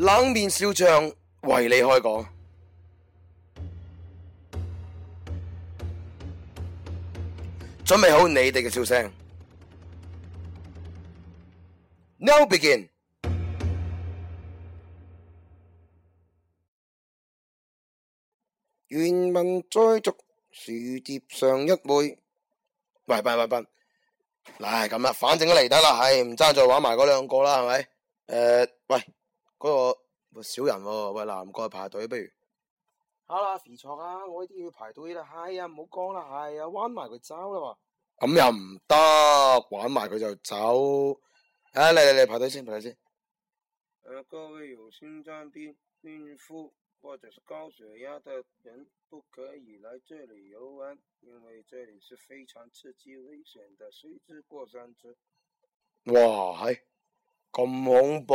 冷面笑匠為你開講，準備好你哋嘅笑聲。Now begin，原文再續，書接上一回。喂，班，喂班，嗱咁啦，反正都嚟得啦，係唔爭再玩埋嗰兩個啦，係咪？誒、呃，喂。少人喎，啊，喂，難怪排隊，不如。好啦，肥卓啊，我一定要排隊啦，係啊，唔好講啦，係啊，玩埋佢走啦喎。咁又唔得，玩埋佢就走。啊，嚟嚟嚟，排隊先，排隊先。呃、各位有心臟病、孕婦或者是高血壓的人，不可以來這裏遊玩，因為這裏是非常刺激危險的垂直過山車。哇，係，哎、咁恐怖。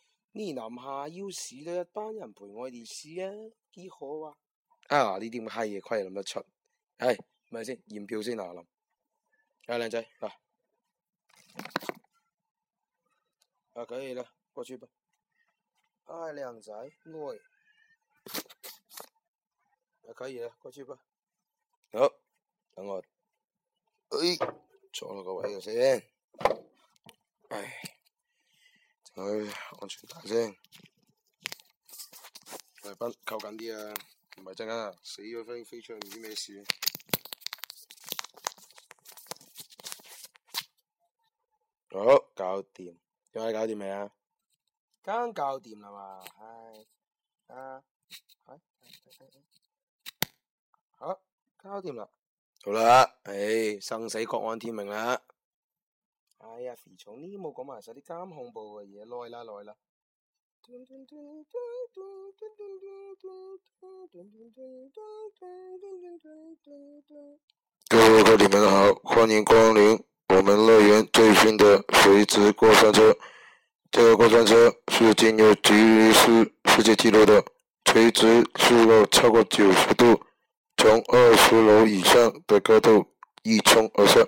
呢諗下要死都一班人陪我哋死啊！幾好啊！啊？呢啲咁閪嘢虧係諗得出？係咪先驗票先嗱我諗啊？靚仔、哎，啊，啊可以啦，過去吧。哎、啊靚仔，內，啊可以啦，過去吧。好，等我。哎，坐落個位先。唉、哎。唉，安全帶，先扣緊啲啊！唔係真噶，死咗飛飛出去唔知咩事。好，搞掂。而家搞掂未啊？啱搞掂啦嘛，唉，啊，係係係係，好，搞掂啦。好啦，唉，生死各安天命啦。哎呀，肥從呢冇講埋晒啲咁恐怖嘅、啊、嘢，耐啦耐啦。啦各位旅客你們好，歡迎光臨我們樂園最新的垂直過山車。這個過山車是進入吉尼斯世界紀錄的垂直速度超過九十度，從二十樓以上的高度一衝而下。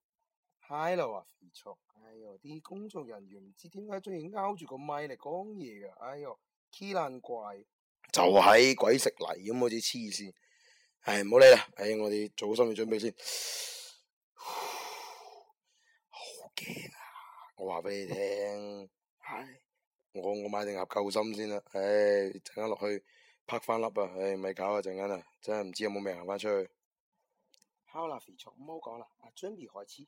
嗨啦，肥卓，哎喲，啲工作人員唔知點解中意勾住個咪嚟講嘢噶，哎喲，稀爛怪，就喺鬼食泥咁，好似黐線，唉，唔好理啦，唉，我哋做好心理準備先，好驚啊！我話俾你聽，唉，我我買定盒救心先啦，唉，陣間落去拍翻粒啊，唉，咪搞啊，陣間啊，真係唔知有冇命行翻出去。好啦，肥卓，唔好講啦，準備開始。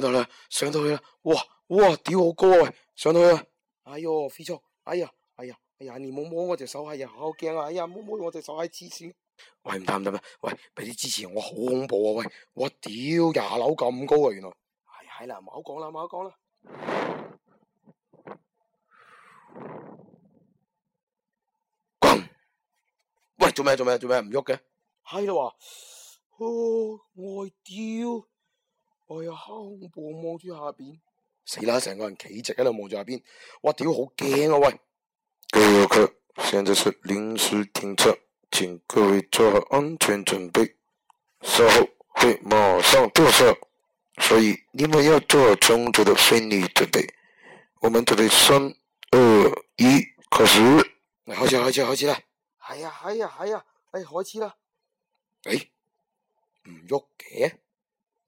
上到啦，上到去啦，哇哇，屌好高啊！上到去啦，哎呦非洲，哎呦飛沖，哎呀哎呀哎呀，你冇摸我隻手呀！好驚啊！哎呀，冇、哎、摸我隻手蟹黐線，喂唔得唔得咩？喂，俾啲支持，我好恐怖啊！喂，我屌廿樓咁高啊，原來係係啦，唔好講啦，唔好講啦。喂，做咩做咩做咩唔喐嘅？係啦，話我屌。哎呀，好恐怖，望住下邊。死啦！成個人企直喺度望住下邊，哇屌好、啊，好驚啊喂！各位遊客現在是臨時停車，請各位做好安全準備，稍後會馬上掉下，所以你們要做充足的心理準備。我們準備三二一，開始、啊啊啊啊！開始開始開始啦係啊，係啊、欸，係啊，哎，開始啦！哎，唔喐嘅。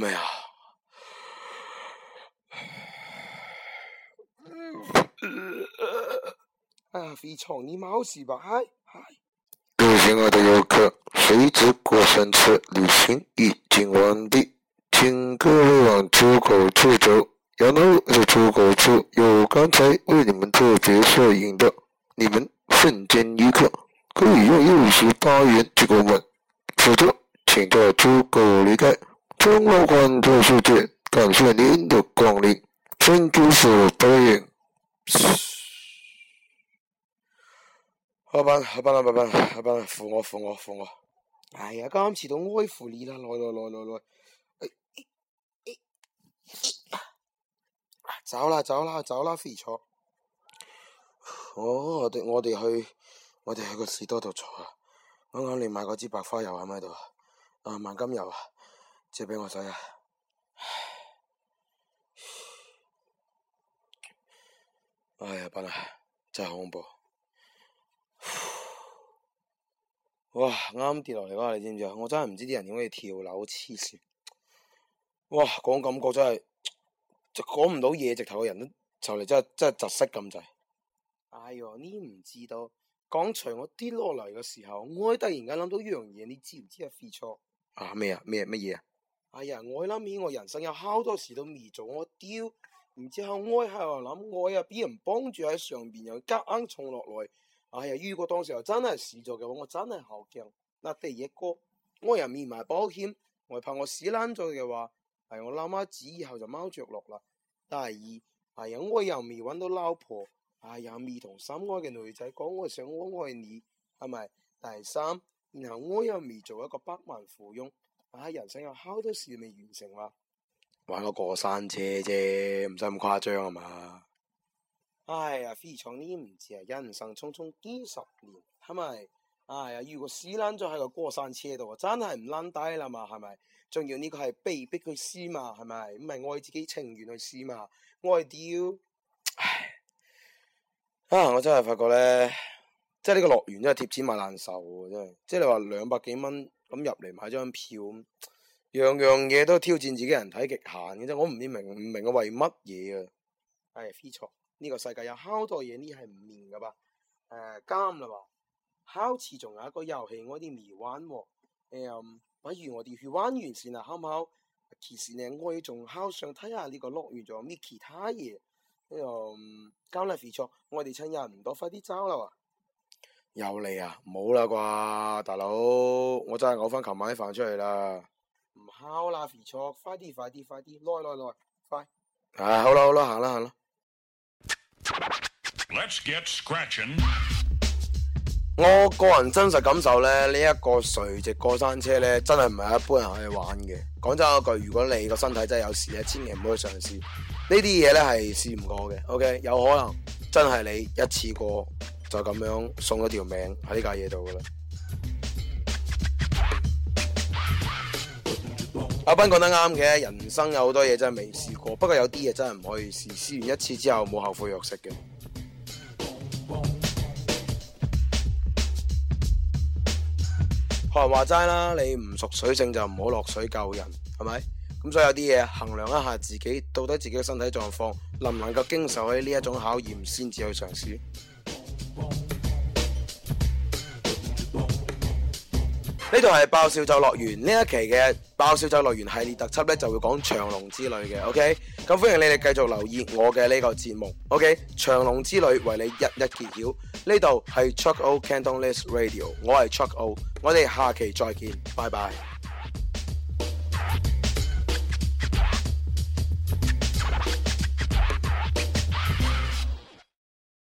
哎呀、嗯嗯嗯啊！哎呀！非常，你媽死吧！嗨嗨！各位親愛的遊客，隨着過山車旅行已經完畢，請各位往出口處走。然後在出口處有剛才為你們特別攝影的，你們瞬間一刻可以用右手包圓這個吻，否則請到出口離開。中國關注世界，感謝您的光臨，珍珠是代言。好吧，好吧，老闆，老闆，扶我，扶我，扶我，我。哎呀，剛啱遲到，也扶你了，來來來來來。走啦，走啦，走啦，飛坐。哦、我我哋我哋去我哋去個士多度坐啊。啱啱你買嗰支白花油喺唔喺度啊？啊，萬金油啊。借俾我使下。哎呀，笨啊，真恐怖！哇，啱啱跌落嚟啦，你知唔知啊？我真係唔知啲人點可以跳樓黐線。哇，講感覺真係，就講唔到嘢，直頭個人都就嚟真係真係窒息咁滯、哎。哎呀，呢唔知道。剛才我跌落嚟嘅時候，我突然間諗到一樣嘢，你知唔知啊？錯啊！咩啊？咩？乜嘢啊？哎呀，我諗起我人生有好多事都未做，我屌，然之後我喺度諗，我又俾人幫住喺上邊，又夾硬衝落來。哎呀，如果當時又真係死咗嘅話，我真係好驚。嗱，第一個，我又未買保險，我怕我死爛咗嘅話，係、哎、我老媽子以後就貓着落啦。第二，係、哎、啊，我又未揾到老婆，哎呀，未同心愛嘅女仔講，我想我愛你，係咪？第三，然後我又未做一個百萬富翁。啊！人生有好多事未完成啊。玩個過山車啫，唔使咁誇張啊嘛，哎呀，非常呢唔知啊，人生匆匆幾十年，係咪？哎呀，如果死撚咗喺個過山車度，真係唔撚低啦嘛，係咪？仲要呢個係被迫去試嘛，係咪？唔係愛自己情願去試嘛，愛屌！唉，啊！我真係發覺咧，即係呢個樂園真係貼錢買難受喎，真係。即係你話兩百幾蚊。咁入嚟買張票，樣樣嘢都挑戰自己人體極限嘅啫。我唔知明唔明我為乜嘢啊？係，fit 錯。呢個世界有好多嘢呢係唔明噶吧？誒、呃，啱啦喎。烤池仲有一個遊戲，我哋未玩喎，哦。誒、呃，不如我哋去玩完先啊，好唔好？其實咧，我仲好想睇下呢個樂園仲有咩其他嘢。誒、嗯，啱啦，fit 錯。我哋趁人唔多，快啲走啦又嚟啊！冇啦啩，大佬，我真係嘔翻琴晚啲飯出去啦。唔考啦，肥卓，ok，快啲快啲快啲，攞攞攞，快點！誒、啊，好啦好啦，行啦行啦。Let's get scratching。我個人真實感受咧，呢、這、一個垂直過山車咧，真係唔係一般人可以玩嘅。講真一句，如果你個身體真係有事咧，千祈唔好去嘗試。呢啲嘢咧係試唔過嘅，OK，有可能真係你一次過。就咁樣送咗條命喺呢架嘢度噶啦。阿斌講得啱嘅，人生有好多嘢真係未試過，不過有啲嘢真係唔可以試，試完一次之後冇後悔藥食嘅。學人話齋啦，你唔熟水性就唔好落水救人，係咪？咁所以有啲嘢衡量一下自己到底自己嘅身體狀況，能唔能夠經受喺呢一種考驗，先至去嘗試。呢度係爆笑就樂園。呢一期嘅爆笑就樂園系列特輯呢，就會講長龍之旅嘅，OK？咁歡迎你哋繼續留意我嘅呢個節目，OK？長龍之旅為你一一揭曉。呢度係 Chuck O Cantonese le Radio，我係 Chuck O，我哋下期再見，拜拜。